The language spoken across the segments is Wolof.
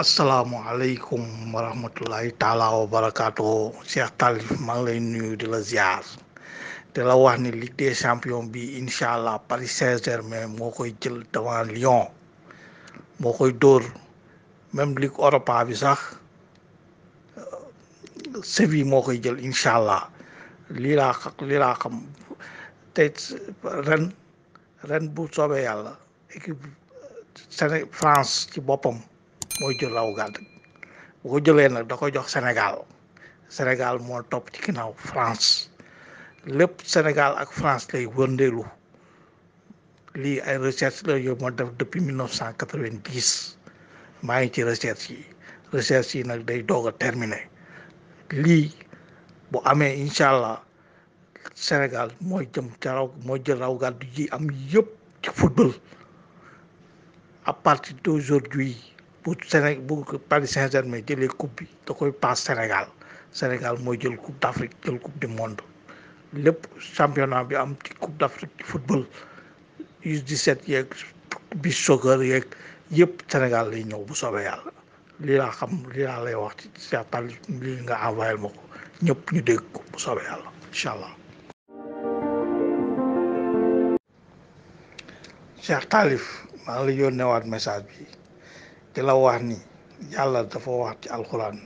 asalaamualeykum wa rahmatullahi taala wa barakaatu Cheikh Talif maa ngi lay nuyu di la ziar te la wax ni Ligue des champions bi incha allah Paris saint moo koy jël devant Lyon moo koy dóor même Ligue Europa bi sax euh, Séville moo koy jël incha allah lii laa lii laa ren bu soobee yàlla équipe euh, Séné France ci boppam. mooy jël raw gàdd bu ko jëlee nag da ko jox Sénégal Sénégal moo topp ci ginnaaw France lépp Sénégal ak France lay wëndeelu lii ay recherche la yow moo def depuis 1990 maa ngi ci recherche yi recherche yi nag day doog a terminé lii bu amee incha allah Sénégal mooy jëm caraw raw mooy jël raw gàddu ji am yëpp ci football à partir d'aujourd'hui bu Séné bu Paris Saint-Germain jëlee coupe mooy jël coupe d'Afrique jël coupe du monde lépp championnat bi am ci coupe d'Afrique ci football U17 yeeg bi soccer yeeg yëpp Sénégal lay ñëw bu soobee yàlla lii xam lii laa lay wax ci sa tali lii nga envoyé ma ko ñëpp ñu dégg ko bu soobee yàlla incha allah. Cheikh Talif maa ngi lay yónneewaat bi. di la wax ni yàlla dafa wax ci alxuraan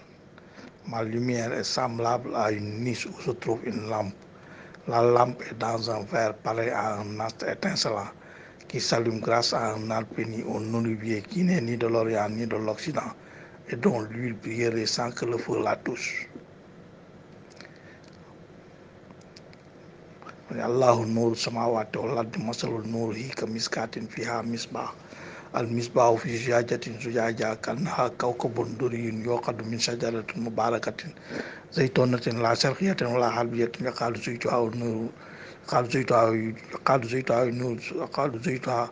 ma lumière est semblable à une niche où se trouve une lampe la lampe est dans un verre pareil à un astre étincelant qui s'allume grâce à un arbre béni un qui n'est ni de l'Orient ni de l'Occident et dont l'huile brillerait sans que le feu la touche allahu nuuru samaawaati wal ardi masalul nuurihi ka miskaatin fiihaa misbaah al misbaahu fi zujaajatin zujaaja kannaha kawkabun duriyun yuuqadu min sajaratin mubaarakatin zaytuunatin laa sharqiyatin wala harbiyatin yuqaalu zaytuhaa nuuru yuqaalu zaytuhaa yuqaalu zaytuhaa nuuru yuqaalu zaytuhaa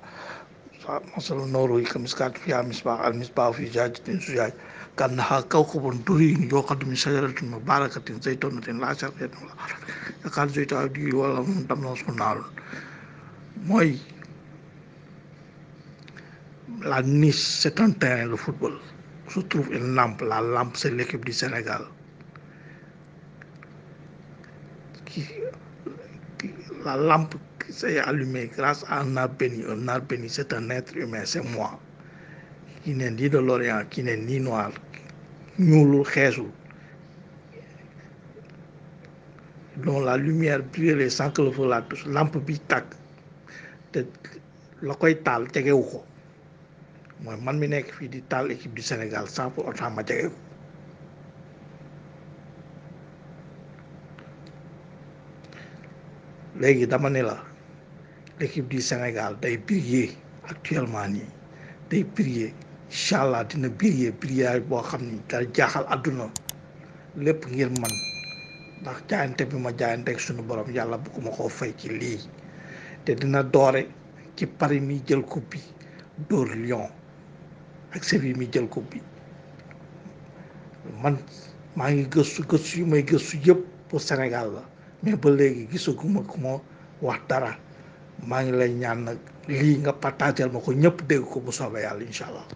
masalu nuurihi kamiskaatin fiihaa misbaah al misbaahu fi zujaajatin zujaaja kannaha kawkabun duriyun yuuqadu min sajaratin mubaarakatin zaytuunatin laa sharqiyatin wala harbiyatin yuqaalu zaytuhaa nuuru yuqaalu zaytuhaa damshu naarun mooy la niche c'est un terrain de football se trouve une lampe la lampe c'est l'équipe du Sénégal la lampe qui allumée grâce à un arbre béni un c'est un être humain c'est moi qui n'est ni de l'Orient qui n'est ni noir ñuulul xeesul dont la lumière brûlait sans que le feu la lampe bi tàkk te la koy taal mooy man mi nekk fii di taal équipe du Sénégal sans pour autant ma jege ko léegi dama ne la équipe du Sénégal day briller actuellement nii day briller incha allah dina briller briller boo xam ni day jaaxal àdduna lépp ngir man ndax jaayante bi ma jaayante ak sunu borom yàlla bëgguma koo fay ci lii te dina doore ci Paris mi jël coupe bi dóor Lyon ak Séville mi jël coupe bi man maa ngi gëstu gëstu yu may gëstu yëpp pour Sénégal la mais ba léegi gisaguma ku ma wax dara maa ngi lay ñaan nag lii nga partagel ma ko ñëpp dégg ko bu soobee yàlla incha allah.